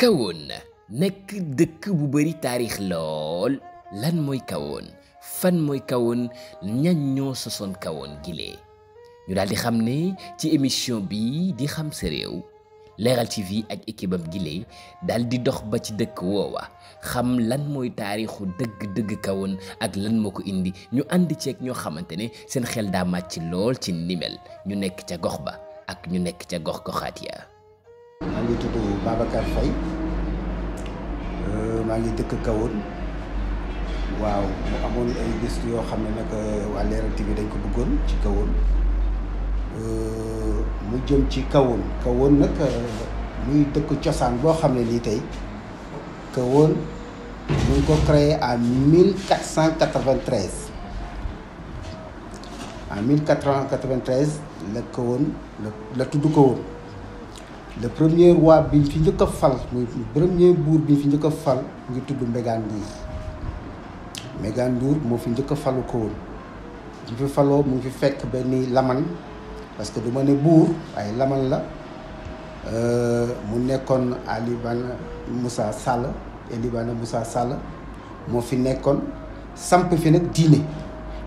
kawoon nekk dëkk bu bari taarix lool lan mooy kawoon fan mooy kawoon ñan ñoo sosoon kawoon gilee ñu daal di xam ne ci émission bi di xam sa réew Leral TV ak équipe am gilee daal di dox ba ci dëkk woowa xam lan mooy taarixu dëgg-dëgg kawoon ak lan moo ko indi ñu ànd ceeg ñoo xamante ne seen xel daa màcc lool ci nimel ñu nekk ca gox ba ak ñu nekk ca gox goxaat ya maa ngi tudd Babacar Faye euh, maa ngi dëkk Kahone waaw mu amoon ay gëstu yoo xam ne nag euh, waa Leral TV dañ ko bëggoon ci Kahone euh, mu jëm ci Kahone kawoon nag muy dëkk cosaan boo xam ne nii tey Kahone mu ngi ko créé en 1493 en 1493 la Kahone la la tudd Kahone le premier roi bi fi njëkk a fal muy premier buur bi fi njëkk a fal ngi tudd Mbégane Ndour Mbégane moo fi njëkk a falu ko woon di fi faloo mu ngi fi fekk benn laman parce que du ma ne buur ay laman la euh, mu nekkoon Alibana musa Sall Alibana Moussa Sall moo fi nekkoon samp fi nag diine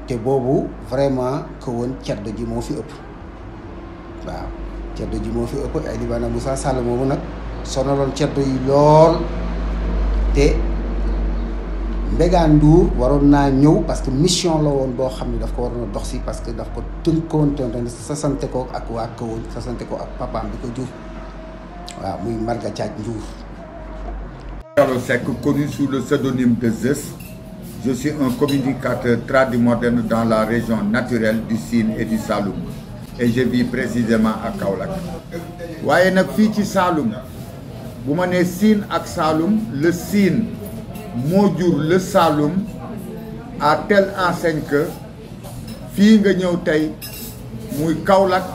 te boobu vraiment ko woon cedd gi moo fi ëpp waaw ceddo ji moo fi ëpp ay libaana Moussa Sall moomu nag sonaloon ceddo yi lool te Mbégaan Ndour waroon naa ñëw parce que mission la woon boo xam ne daf ko waroon a dox si parce que daf ko tënkoon tonton sasante ko ak waa Kawoñ sasante ko ak papaam bi ko jur waaw muy Marga Thiaj Ndour. Diallo Seck connu sous le pseudonyme de un communicateur tradi moderne dans la région naturelle du Sine et du Saloum. et bi vis ak à waaye nag fii ci Saloum bu ma nee Sine ak Saloum le Sine moo jur le Saloum à telle enseigne que fii nga ñëw tey muy Kaolack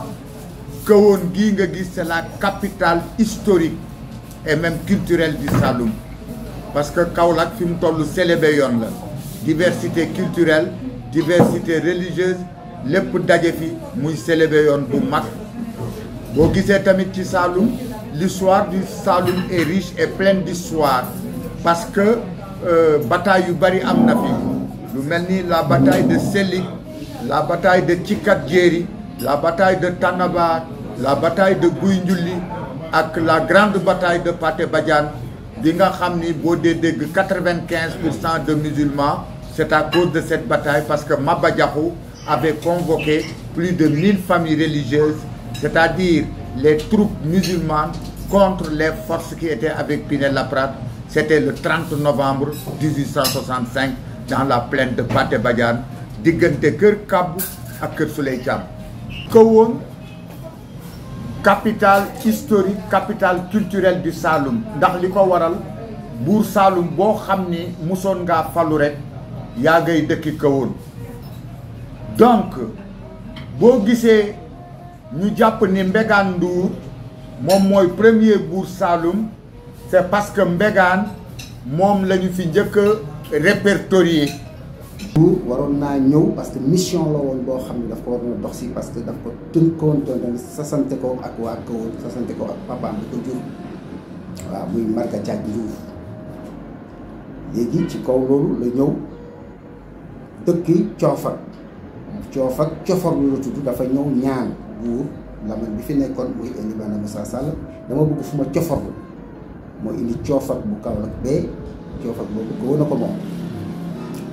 kawoon gii nga gis c'est la capitale historique et même culturelle du Saloum parce que Kaolack fi mu toll célébé yoon la diversité culturelle diversité religieuse lépp daje fi muy célébrer yoon bu mag boo gisee tamit ci Saloum l'histoire du Saloum est riche et pleine d'histoire parce que euh, bataay yu bari am na fi lu mel ni la bataille de Sélik la bataille de Cikatjéri la bataille de Tannaba la bataille de Guy Njulli ak la grande bataille de Pathé Badiane bi nga xam ni boo dee dégg quatre-vingt-quinze pour cent de musulmans c'est à cause de cette bataille parce que ma Diakhou avait convoqué plus de 1000 familles religieuses, c'est-à-dire les troupes musulmanes contre les forces qui étaient avec Pinel-Laprade. C'était le 30 novembre 1865 dans la plaine de Pathé Badiane diggante Kër Kab ak Kër Souley Thiam. Kahone capitale historique capitale culturelle du Saloum ndax li ko waral buur Saloum boo xam ni mosoon ngaa falu rek yaa ngay dëkki Kahone. donc boo gisee ñu jàpp ni Mbégane Ndour moom mooy premier buur Saloum c'est parce que Mbégane moom lañu fi njëkk a répertorié waroon naa ñëw parce que mission la woon boo xam ne daf ko waroon a dox si parce que daf ko tënkoon doon sasante ko ak waa kawoon sasante ko ak papaam bi ko jur waaw muy Marga Diack Ndour léegi ci kaw loolu la ñëw dëkki coofak coof ak cofor lu la tudd dafa ñëw ñaan buur Lamin bi fi nekkoon mooy indi benn Moussa Sall dama bëgg fu ma moo indi coofak bu kaw ak bee coofak boobu gëw na ko moom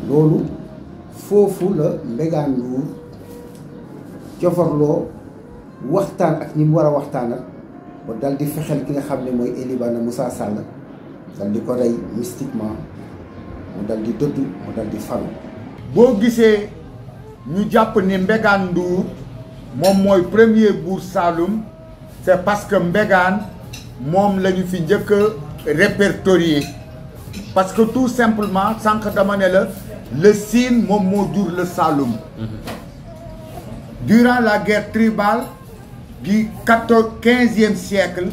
loolu foofu la Mbégaan Ndour coforloo waxtaan ak ñi mu war a waxtaanal ba dal di fexeel ki nga xam ne mooy Elibana Moussa Sall dal di ko rey mystiquement mu dal di dëdd mu dal boo gisee ñu jàpp ni Mbégane Ndour moom mooy premier buur Saloum c'est parce que Mbégane moom lañu fi njëkk a répertorié parce que tout simplement sànq dama ne la le Sine moom moo jur le Saloum durant la guerre tribale du quatorze quinzième siècle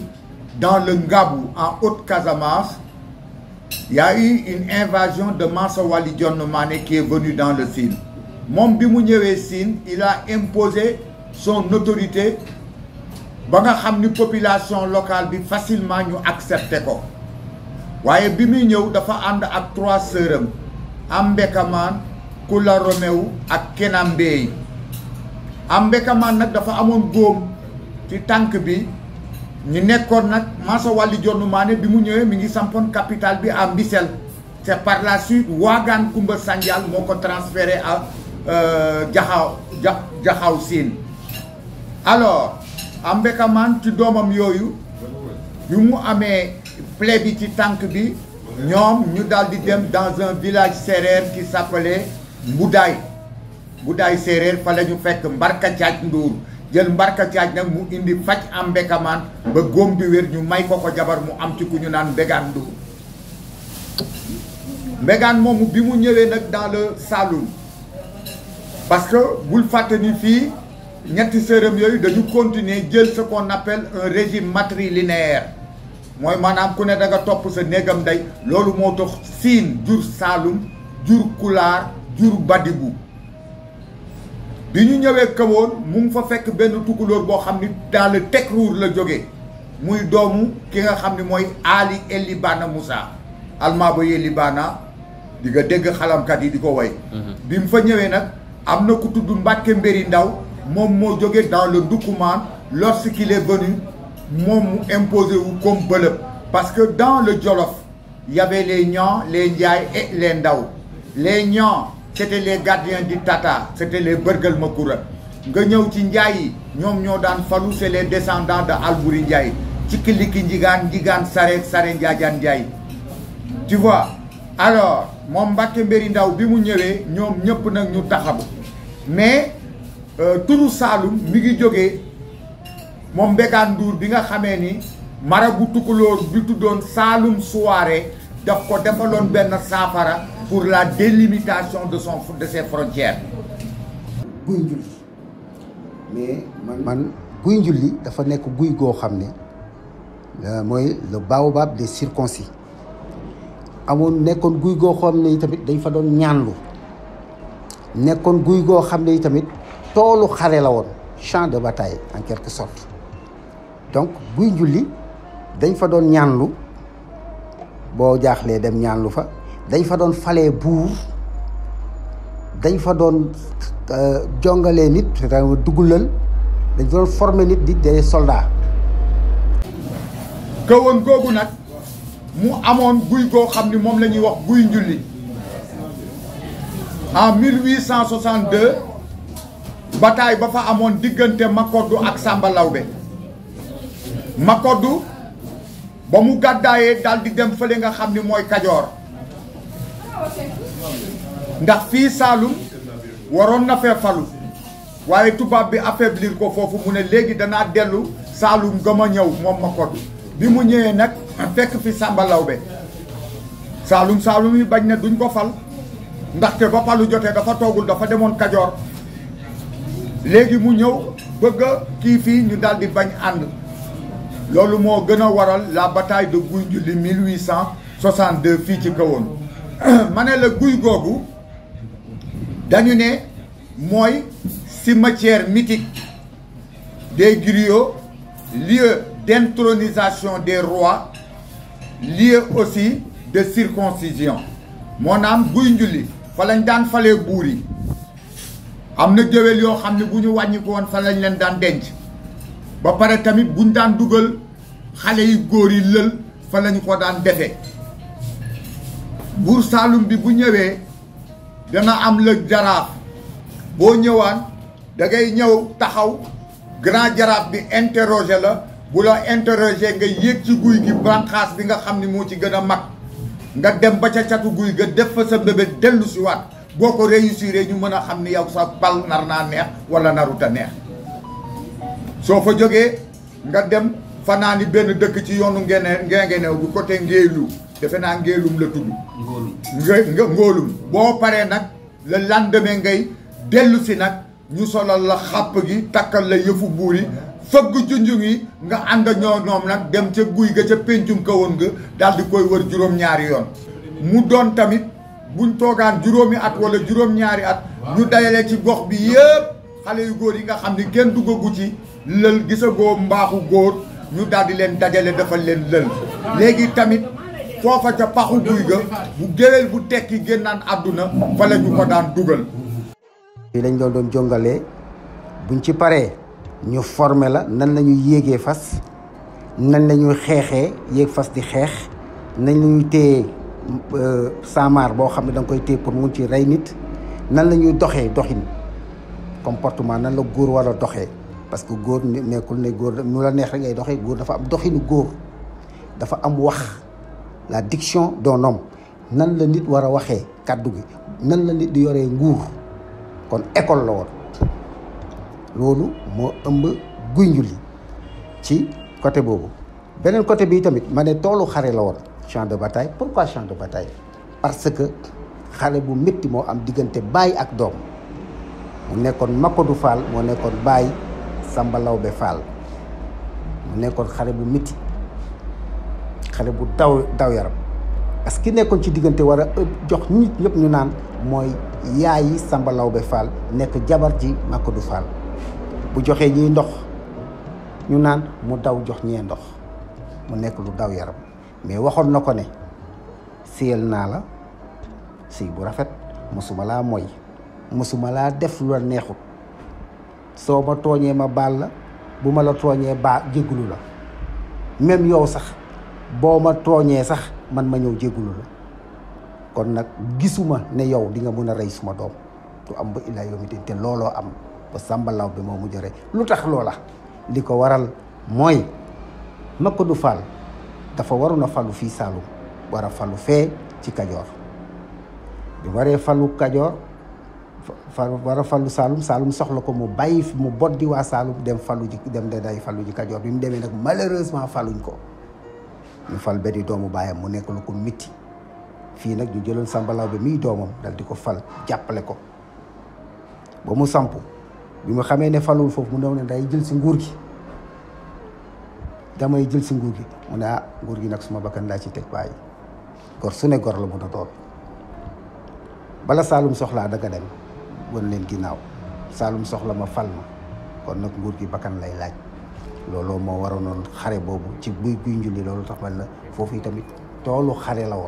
dans le Ngabou en Haute-Casamance il y a eu une invasion de Massa Wali Dione Mané qui est venue dans le Sine moom bi mu ñëwee Sine il a imposé son autorité ba nga xam ni population locale bi facilement ñu accepté ko waaye bi muy ñëw dafa ànd ak trois sœuram Ambekamaan Kula Romewu ak am Ambekamaan nag dafa amoon góom ci tànk bi ñu nekkoon nag Massa Wali Jonn Mané bi mu ñëwee mi ngi sampoon capitale bi am Mbissel c'est par la suite Waagaan Kumba Sandial moo ko transféré à Euh, jaxaaw ja jaxaaw siin alors Mbekaman ci doomam yooyu yu mu amee plaie bi ci tànk bi ñoom ñu daal di dem dans un village séeréer qui s'appelait Mboudaay Mboudaay séeréer fa la ñu fekk Mbarka Caaj Nduur jël Mbarka nag mu indi faj am Mbekaman ba góom bi ñu may ko ko jabar mu am ci ku ñu naan Mbegaan Nduur Mbegaan moomu bi mu ñëwee nag dans le Saloum parce que bul fàtte ni fii ñetti sërëm yooyu dañu continuer jël ce qu'on appelle un régime matrilinéaire mooy maanaam ku ne da nga topp sa néegam day loolu moo tox siin jur saalum jur kulaar jur badigu bi ñu ñëwee kawoon mu ngi fa fekk benn tukulóor boo xam ni daal tekruur la jóge muy doomu ki nga xam ni mooy Ali Elibana Moussa almaaba Elibana di nga dégg xalamkat yi di ko way mhm. bi mu fa ñëwee nag am na ku tudd Mbàkke Mbéri Ndaw moom moo jóge dans le Ndoukoumane lorsqu'il est venu moom mu imposé wu comme bëlëb parce que dans le Jolof y avait les Nians les Ndiaye et les Ndaw les Nians c'était les gardiens du Tata c'était les bërgal ma kura nga ñëw ci Ndiaye yi ñoom ñoo daan falu c'est les descendants de Albouri Ndiaye ci kiliki njigaan njigaan sare sare njaajaan Ndiaye tu vois alors moom Mbacke Mbéri Ndaw bi mu ñëwee ñoom ñëpp nag ñu taxabu mais euh, turu Saalum mi ngi jóge moom Mbégaan Ndour bi nga xamee ni marabu tukulóor du tuddoon Saalum Souaré daf ko loon benn saafara pour la délimitation de son de ses frontières. guy njulli mais man man guy njulli dafa nekk guy goo xam ne euh, mooy le baobab de circoncis. amoon nekkoon guy goo xam ne tamit dañ fa doon ñaanlu nekkoon guy goo xam ne tamit toolu xare la woon champ de bataille en quelque sorte donc guy njulli dañ fa doon ñaanlu boo jaaxlee dem ñaanlu fa dañ fa doon fale buur dañ fa doon euh, jongalee nit dugulal dañ fa doon former nit di des soldats. mu amoon guy goo xam ni moom lañuy wax guy njulli en 1862 bataille ba fa amoon diggante Makoddu ak Samba Lawbe Makoddu ba mu gàddaayee daal di dem fële nga xam ni mooy Kajoor ndax fii Saalum waroon na fee falu waaye tubaab bi affaiblir ko foofu mu ne léegi danaa dellu Saalum gëm a ñëw moom Makoddu bi mu ñëwee nag fekk fi Samba Lawbe saalum saalum yi bañ na duñ ko fal ndaxte ba palu jotee dafa toogul dafa demoon Kajoor léegi mu ñëw bëgg a kii fii ñu daal di bañ ànd loolu moo gën a waral la bataay de Guy Ndjili 1862 fii ci kawoon ma ne la guy googu dañu ne mooy cimetière mythique de griots lieu d'intronisation des rois lieu aussi de circoncision moo naam guy njulli fa lañ daan falee buur yi am na géwél yoo xam ne bu ñu wàññi ko fa lañ leen daan denc ba pare tamit buñ daan dugal xale yu góor yi lël fa lañu ko daan defee buur Saalum bi bu ñëwee dana am lëg jaraaf boo ñëwaan da ngay ñëw taxaw grand jaraaf bi interroger la bu la interroger nga yéeg ci guy gi bànqaas bi nga xam ni moo ci gën a mag nga dem ba ca catu guy ga def fa sa mbébét dellu si waat boo ko réussir ñu mën a xam ni yow sa pal nar naa neex wala naruta neex soo fa jógee nga dem fanaani benn dëkk ci yoonu ngene ngengeneew bi côté Ngéelu defe naa Ngéelum la tudd nga boo paree nag le lendemain ngay dellu si nag ñu solal la xàpp gi takkal la yëfu buur yi fëgg junjung yi nga ànd ak ñoo nag dem ca guy ga ca péncum kawoon nga daal koy wër juróom-ñaari yoon mu doon tamit buñ toogaan juróomi at wala juróom-ñaari at ñu dajale ci gox bi yëpp xale yu góor yi nga xam ni kenn duggagu ci lël gisagoo mbaaxu góor ñu daldi leen dajale dafa leen lël léegi tamit foofa ca paxu guy ga bu géwél bu tekki génnaan àdduna fa la ñu ko daan dugal fii lañ doon doon jongalee buñ ci paree ñu former la nan lañuy yéegee fas nan la ñuy xeexee yéeg fas di xeex nañ la ñuy téye euh, saamaar boo xam ne da koy téye pour mun ci rey nit nan la ñuy doxee doxin comportement nan la góor war a doxee parce que góor nekkul ne góor mu la neex rek ngay doxee góor dafa am doxinu góor dafa am wax la diction d'un homme nan la nit war a waxee kàddu gi nan la nit di yoree nguur kon école la woon loolu moo ëmb guy njulli ci côté boobu beneen côté bii tamit ma ne toolu xare la woon champ de bataille pourquoi champ de bataille parce que xare bu métti moo am diggante bàyyi ak doom mu nekkoon Makodou Fall moo nekkoon baay Samba be Fall mu nekkoon xare bu métti xare bu daw daw yaram parce que nekkoon ci diggante war a jox nit ñëpp ñu naan mooy yaayi Samba be Fall nekk jabar ji Makodou Fall bu joxee ñiy ndox ñu naan mu daw jox ñee ndox mu nekk lu daw yaram mais waxoon na ko ne siyal naa la siy bu rafet mësuma laa moy mësuma laa def lu la neexut soo ma tooñee ma baal la bu ma la tooñee baa jéggulu la même yow sax boo ma tooñee sax man ma ñëw jéggulu la kon nag gisuma ne yow di nga mun a rey suma doom du am ba illaa yow mi te looloo am ba Samba Law bi moo mu jore lu tax loola li ko waral mooy Makodou Fall dafa waroon a falu fii Saalum war a falu fee ci Kajoor bi waree falu Kajoor fa war a falu Saalum Saalum soxla ko mu bàyyi mu boddi waa Saalum dem falu ji dem de Kajoor bi mu demee nag malheureusement faluñ ko ñu fal benn doomu baayam mu nekk lu ko mitti fii nag ñu jëloon Samba bi muy doomam dal di ko fal jàppale ko ba mu sampu bi ma xamee ne falul foofu mu doon ne day jël si nguur gi damay jël si nguur gi mu ne ah nguur gi nag suma bakkan laa ci teg bàyyi gor su ne gor la mun a doon bala Saalum soxlaa daga dem won leen ginnaaw Saalum soxla ma fal ma kon nag nguur gi bakkan lay laaj looloo moo waroonoon xare boobu ci buy buy njulli loolu tax man la foofu tamit toolu xare la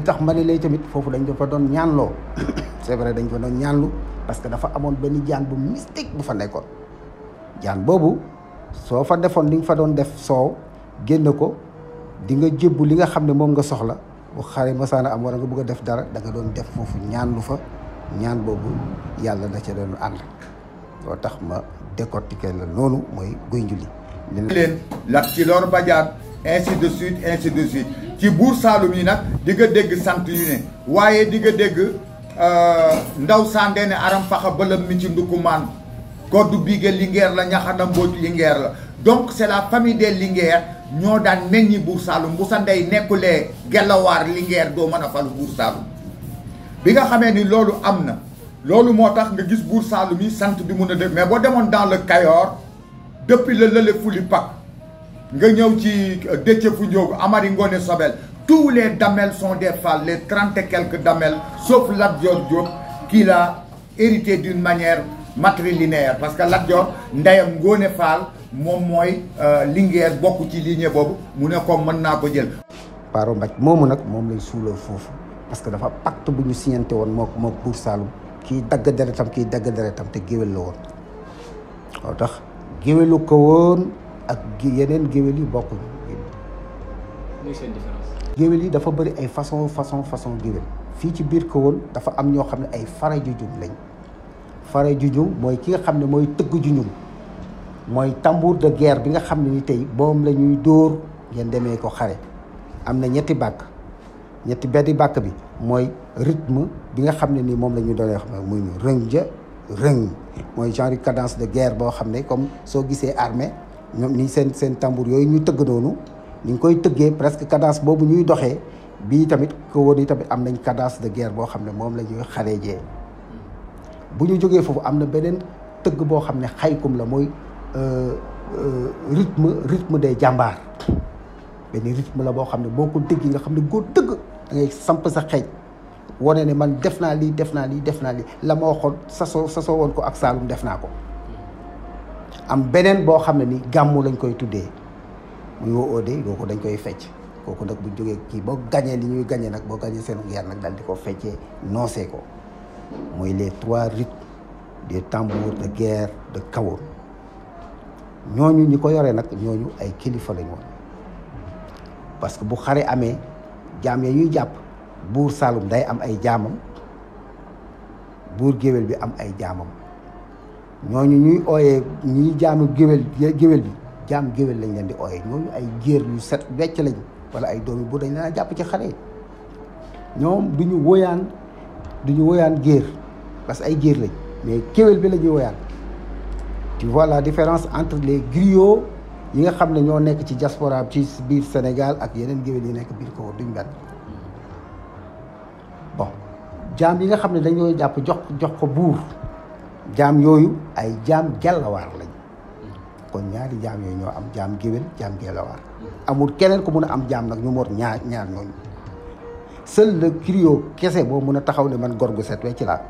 tax ma ne lay tamit foofu dañ ko fa doon ñaanloo c'est vrai dañ ko doon ñaanlu parce que dafa amoon benn jaan bu mystique bu fa nekkoon jaan boobu soo fa defoon li nga fa doon def soow génn ko di nga jébbu li nga xam ne moom nga soxla bu xare masaana am war nga bëgg a def dara danga doon def foofu ñaan lu fa ñaan boobu yàlla da ca doon ànd loo tax ma décortiquer la noonu mooy guy njuli leen lat ci lor bajaat de suite ainsi de suite ci buur saalum yi nag di nga dégg sant yu ne waaye di nga dégg Euh, ndaw sandene aram faxa bëlëm mi ci ndukumaan koddu bige Linguère la ñaxana mbooj Linguère la donc c'est la famille des Linguère ñoo daan meññi buur Saalum bu sa ndey nekkulee gelawaar Linguère doo mën a falu buur Saalum bi nga xamee ni loolu am na loolu moo tax nga gis buur Saalum yi sant bi mun a def mais boo demoon dans la kayoor depuis le lële fuli pak nga ñëw ci Déthié Foundiougue Amari Ngoné Sobel Tous les damels son des Fall, les trente et quelques damels, sauf Lat Dior Diop, qui l'a hérité d'une manière matrilinéaire. Parce que Lat Dior, ndeyam Ngoné Fall moom mooy euh, Linguère bokku ci lignée boobu mu ne ko mën naa ko jël. Paro Mbaj moomu nag moom lay suuloo foofu parce que dafa pacte bu ñu signante woon moo moo Buur Saalum kii dagg deretam kii dagg deretam te géwél la woon waaw tax géwélu ko woon ak yeneen géwél yi bokkuñ. seen géwél yi dafa bëri ay façon façon façon géwél fii ci biir Kahone dafa am ñoo xam ne ay fare jujum lañ fare jujum mooy ki nga xam ne mooy tëgg jujum mooy tambour de guerre bi nga xam ne ni tey boom la ñuy dóor ngeen demee ko xare am na ñetti bàkk ñetti beddi bàkk bi mooy rythme bi nga xam ne ni moom la ñu doon wax muy ñu rëng ja rëng mooy genre cadence de guerre boo xam ne comme soo gisee armée ñoom ni seen seen tambour yooyu ñu tëgg noonu ni ñu koy tëggee presque cadence boobu ñuy doxee bii tamit ko woon yi tamit am nañ cadence de guerre boo xam ne moom la ñuy xareejee bu ñu jógee foofu am na beneen tëgg boo xam ne xaykum la mooy euh, euh, rythme rythme des jàmbaar benn rythme la boo xam ne boo ko tëgg yi nga xam ne góor tëgg da ngay samp sa xeej wane ne man def naa lii def naa lii def naa lii la ma waxoon sa soo woon ko ak saalum def naa ko am beneen boo xam ne ni gàmmu lañ koy tuddee muy woo day kooku dañ koy fecc kooku nag bu jógee kii boo gañee li ñuy gañee nag boo gañee seen yar nag daal di ko feccee noosee ko muy les trois rites des tambours de guerre de Kawoor ñooñu ñi ko yoree nag ñooñu ay kilifa lañ parce que bu xare amee jaam ya ñuy jàpp buur Saalum day am ay jaamam buur géwél bi am ay jaamam ñooñu ñuy ooyee ñuy jaamu géwél géwél bi jaam géwél lañ leen di ooye ñooñu ay géer yu set wecc lañ wala ay doom yu bu dañ daan jàpp ci xale yi ñoom du ñu woyaan du woyaan géer parce que ay géer lañ mais géwél bi la ñuy woyaan tu voilà différence entre les griots yi nga xam ne ñoo nekk ci diaspora ci biir Sénégal ak yeneen géwél yi nekk biir ko duñ benn bon jaam yi nga xam ne dañoo jàpp jox jox ko buur jaam yooyu ay jaam gàllawaar lañ kon ñaari jaam yooyu ñoo am jaam géwél jaam geelawar amul keneen ko mun a am jaam nag ñu moot ñaar ñaar ñooñu seul le griot kese boo mun a taxaw ne man gor gu set wecc laa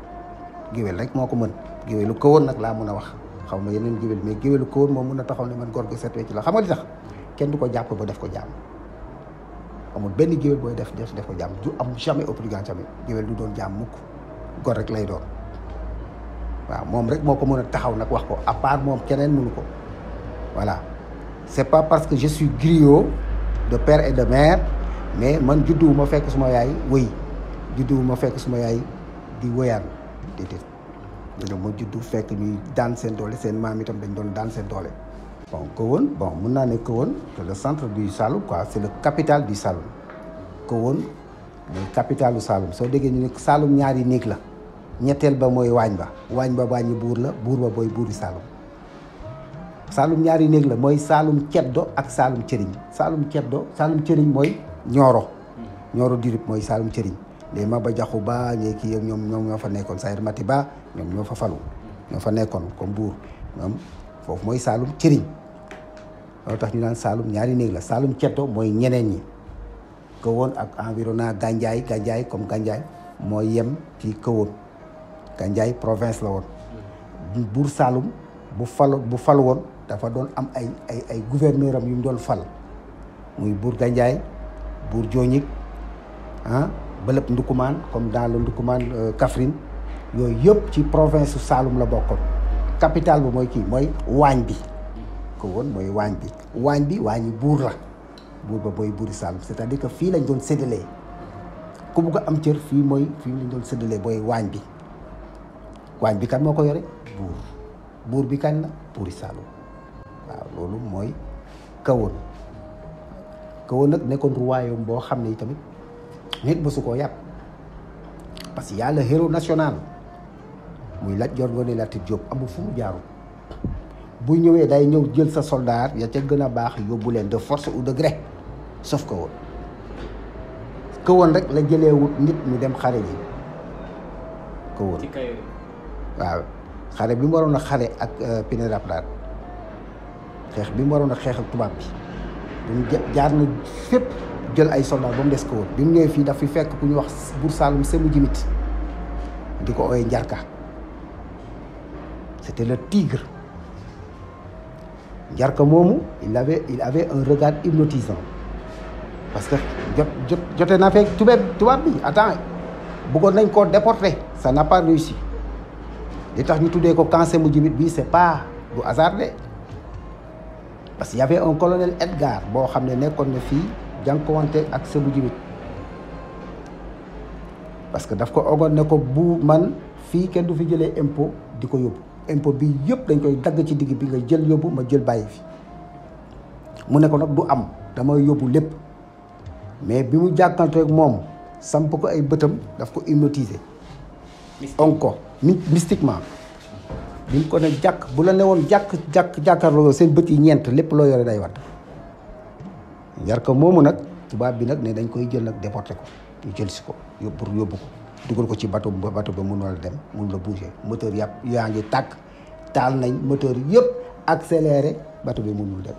géwél rek moo ko mën géwélu kawoon nag laa mun a wax xaw ma yeneen géwél mais géwélu kawoon moo mun a taxaw ne man gor gu set wecc laa xam nga li tax kenn du ko jàpp ba def ko jaam amul benn géwél booy def def def ko jaam du am jamais obligant jamais géwél du doon jaam mukk gor rek lay doon waaw moom rek moo ko mën a taxaw nag wax ko à part moom keneen mënu ko voilà c'est pas parce que je suis griot de père et de maire mais man judduwuma fekk suma yaay wëy judduwuma fekk suma yaay di wëyaan déedéet dina ma juddu fekk ñuy daan seen doole seen maam itam dañ doon daan seen doole bon Kahone bon mun naa ne Kahone c'est le centre du Saloum quoi c'est le capital du Saloum Kahone mooy capitalu Saloum soo déggee ñu ne Saloum ñaari néeg la ñetteel ba mooy waañ ba waañ ba waañu buur la buur ba buur buuri Saloum saalum ñaari néeg la mooy saalum ceddo ak saalum cëriñ saalum ceddo saalum cëriñ mooy ñooro ñooro dirib mooy saalum cëriñ les Maba Jaxu Ba ñee kii ñoom ñoom ñoo fa nekkoon Sayer Mati Ba ñoom ñoo fa falu ñoo fa nekkoon comme buur foofu mooy saalum cëriñ loo tax ñu naan saalum ñaari néeg la saalum ceddo mooy ñeneen ñi kawoon ak environnement gànjaay gànjaay comme gànjaay mooy yem ci kawoon gànjaay province la woon buur saalum bu fal bu falu woon dafa doon am ay ay ay gouverneur am yu mu doon fal muy buur Gandiaye buur Jooñig ah bëlëb Ndukumaan comme dans le Ndukumaan euh, Kaffrine yooyu yëpp ci province su Saloum la bokkoon capital bi mooy kii mooy waañ bi ko mooy waañ bi waañ bi waañi buur la buur ba mooy buuri Saloum cest à fii lañ doon séddalee ku bugg am cër fii mooy fii doon séddalee mooy waañ bi waañ bi kan moo ko yore buur buur bi kan la buuri Saloum waaw loolu mooy kawoon kawoon nag nekkoon royaume boo xam ne tamit nit mësu koo yàpp parce que yàlla héros national muy Lat Joor Ngoone Latir Jóob amul fu mu jaaru bu ñëwee day ñëw jël sa soldaar ya ca gën a baax yóbbu leen de force ou de gré sauf kawoon kawoon rek la jëlee wut nit ñu dem xare ji kawoon waaw xare bi mu waroon a xare ak euh, Pinet Laprade xeex bi mu waroon a xeex ak tubaab bi dañu jaar na fépp jël ay soldat ba des ko bi mu ñëwee fii daf fi fekk ku ñu wax Buur Saalum Semu Jimit di ko ooyee Njarka c'était le tigre Njarka moomu il avait il un regard hypnotisant parce que jot jot jote na fekk tubaab tubaab bi attends bëggoon nañ koo déporter ça n'a pas réussi tax ñu tuddee ko Camp Semu Jimit bi c'est pas du hasard parce qu'il y avait un colonel Edgar boo xam ne nekkoon na fii jànkuwante ak Sékou Djibit parce que daf ko ogoon ne ko bu man fii kenn du fi jëlee impôt di ko yóbbu impôt bi yëpp dañ koy dagg ci digg bi nga jël yóbbu ma jël bàyyi fi mu ne ko nag du am damay yóbbu lépp mais bi mu jàkkanteeg moom samp ko ay bëtam daf ko hypnotiser on ko mystiquement bi mu ko ne jàkk bu la ne woon jàkk jàkk jàkkaarloo seen bët yi ñeent lépp loo yore day wadd yar ko moomu nag tubaab bi nag ne dañ koy jël nag déporté ko ñu jël si ko yóbbu yóbbu ko dugal ko ci bateau ba bateau ba mun wala dem mun la bouger moteur yàpp yaa ngi tàkk taal nañ moteur yëpp accéléré bateau bi munul dem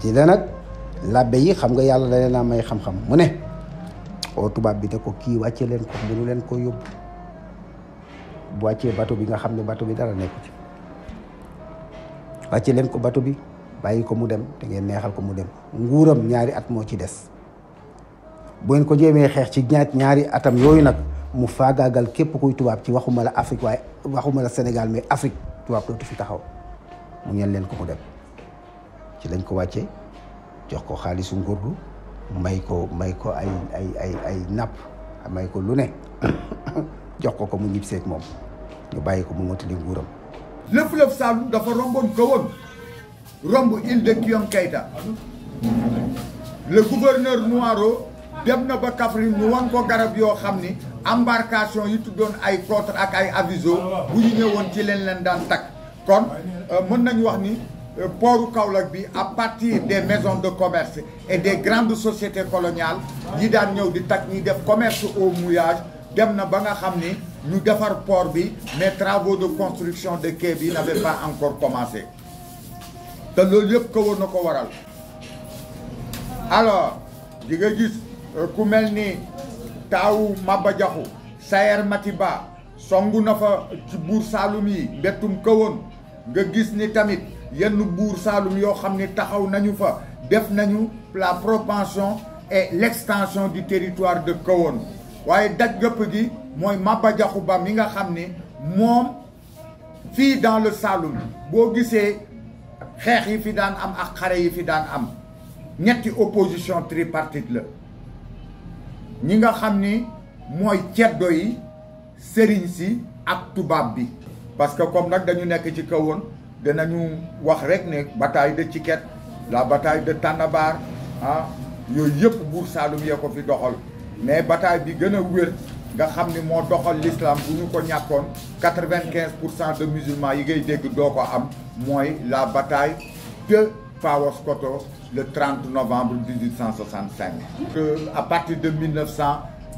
ci la nag labbe yi xam nga yàlla da leen may xam-xam mu ne oo tubaab bi da ko kii wàcce leen ko munu leen ko yóbbu bu wàccee bato bi nga xam ne bato bi dara nekku ci wàcce leen ko bato bi bàyyi ko mu dem te ngeen neexal ko mu dem nguuram ñaari at moo ci des bu ngeen ko jéemee xeex ci ñaat ñaari atam yooyu nag mu faagaagal képp kuy tubaab ci waxuma la Afrique waaye waxuma la Sénégal mais Afrique tubaab dootu fi taxaw mu ñeen leen ko mu dem ci lañ ko wàcce jox ko xaalisu ngóorlu may ko may ko ay ay napp may ko lu ne jox ko ko mu ñibbisee ak moom ñu bàyyi ko mu mottali nguuram. le fleuve Saloum dafa romboon Gowon romb île de Guillaume Keita le gouverneur Noiro dem na ba Kaffrine ñu wan ko garab yoo xam ni embarcation yi tuddoon ay contre ak ay aviso bu ñu woon ci leen leen daan takk kon euh, mën nañu wax ni euh, pooru Kaolack bi à partir des maisons de commerce et des grande sociétés coloniales yi daan ñëw di takk ñi def commerce au mouillage dem na ba nga xam ni ñu defar port bi mais travaux de construction de quai bi n'avaient pas encore commencé te loolu yëpp ko na ko waral alors di nga gis euh, ku mel ni taawu Maba Jaxu Sayer Matiba songu na fa ci buur Saalum yi mbettum kawoon nga gis ni tamit yenn buur Saalum yoo xam ni taxaw nañu fa def nañu la propension et l'extension du territoire de kawoon waaye daj yëpp gi mooy Maba Diakhou Ba mi nga xam ne moom fii dans le Saloum boo gisee xeex yi fi daan am ak xare yi fi daan am ñetti opposition tripartite la ñi nga xam ni mooy ceddo yi sëriñ si ak tubaab bi parce que comme nag dañu nekk ci kawoon dinañu wax rek ne bataille de Ticket la bataille de Tànnabaar ah yooyu yëpp buur Saalum yee ko fi doxal mais bataille bi gën a wér nga xam ni moo doxal l'islam bu ñu ko ñàkkoon quatre-vingt-quinze pour cent de musulmans yi ngay dégg doo ko am mooy la bataille de coto le 30 novembre 1865. que à partir de 1900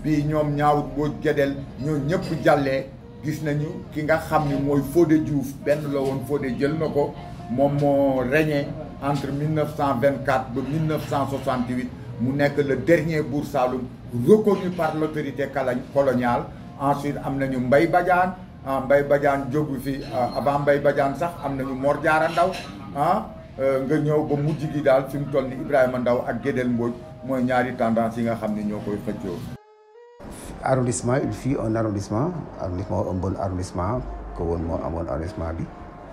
bi ñoom ñaaw boo Gédel ñoo ñëpp jàllee gis nañu ki nga xam ni mooy de Diouf benn la woon Fodé jël na ko moom moo régné entre 1924 ba 1968 mu nekk le dernier Buur Saalum. reconnu par l'autorité coloniale ensuite am nañu mbay Badiane ah, mbay Badiane jógu fi ba ah, mbay Badiane sax am nañu Mor a Ndaw ah euh, nga ñëw ba mujj gi daal fi mu toll ni Ibrahima Ndaw ak Gédel Mbodj mooy ñaari tendance yi nga xam ne ñoo koy xëccoo arrondissement un arrondissement arrondissement un bon arrondissement que woon amoon arrondissement bi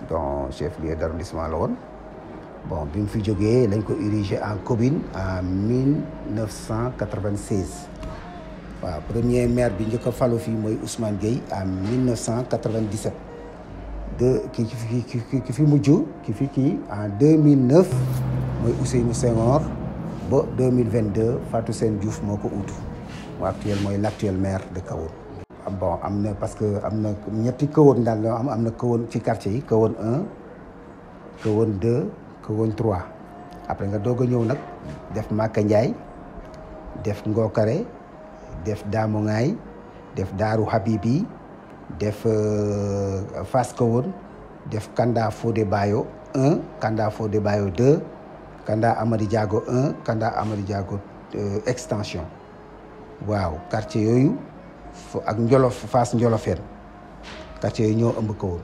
donc chef lieu d' la woon bon bi mu fi jógee lañ ko érigé en commune en 1996 waaw premier maire bi njëkk a falu fii mooy Ousmane Gueye en 1997 de ki ki ki ki fi mujj ki fi kii en 2009 mooy Ousseynou Senghor ba 2022 Fatou Sène Diouf moo ko utu moo mooy l' maire de Kahone. bon am na parce que am na ñetti Kahone daal am am na kawoon ci quartier yi kawoon 1 Kahone 2. nekk woon trois après nga doog a ñëw nag def Màkka Njaay def Ngokare def Daamu Ngaay def Daaru Habibi def euh, fas Kawoon def Kanda Fodé Bayo un Kanda de Bayo deux Kanda Amady Diago un Kanda Amady Diago euh, extension waaw quartier yooyu ak Njolof Fass Njolofeen quartier yooyu ñoo ëmb Kawoon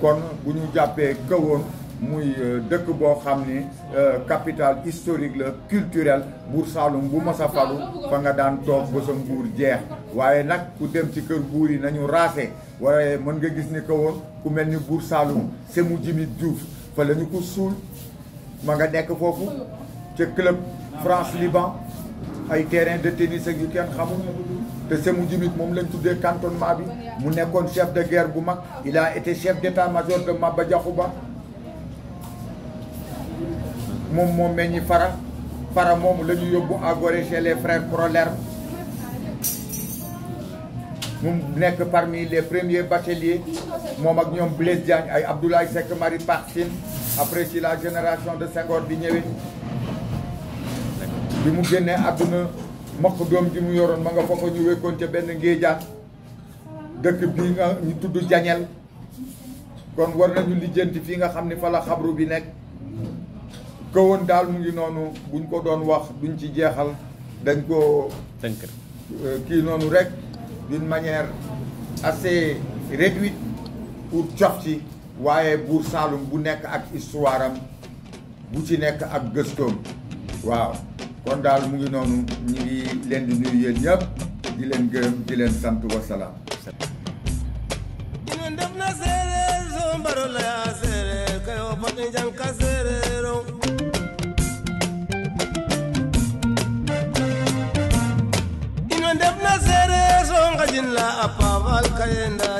kon bu ñu jàppee Kawoon muy euh, dëkk boo xam ni euh, capitale historique la culturel buur Saalum bu mas a falu fa nga daan toog ba sa jeex waaye nag ku dem ci kër buur yi nañu raase waaye mën nga gis ni ko woon ku mel ni buur Saalum Sémou Djimit Diouf fa la ñu ko suul ma nga nekk foofu ca club France Liban ay terrain de tennis ak yu kenn xamul te Sémou Djimit moom lañ tuddee cantonnement bi mu nekkoon chef de guerre bu mag il a été chef d'état-major de Maba jaxu Ba moom moo meññi fara fara moom la ñu yóbbu à Gorée chez les frères Prolerme mu nekk parmi les premiers bateliers moom ak ñoom Blaise Diagne ay Abdoulaye Seck mari Parcine après ci la génération de Senghor bi ñëwee bi mu génnee àdduna mokk doom ji mu yoroon ma nga fa ko ñu wékkoon ca benn ngéejaat dëkk bi nga ñu tudd Jañel kon war nañu lijjanti fii nga xam ni fa la xabru bi nekk kawoon daal mu ngi noonu buñ ko doon wax duñ ci jeexal dañ ko euh, kii noonu rek d'une manière assez réduite pour cof ci waaye buur Saalum bu nekk ak histoire am bu ci nekk ak gëstoom waaw kon daal mu ngi noonu ñu ngi leen di nuyu yéen ñëpp di leen gërëm di leen sant wasalaam def na séeréer so mbaro laya séeréer kay o fat jàng ka Chinla Apaval Kayenda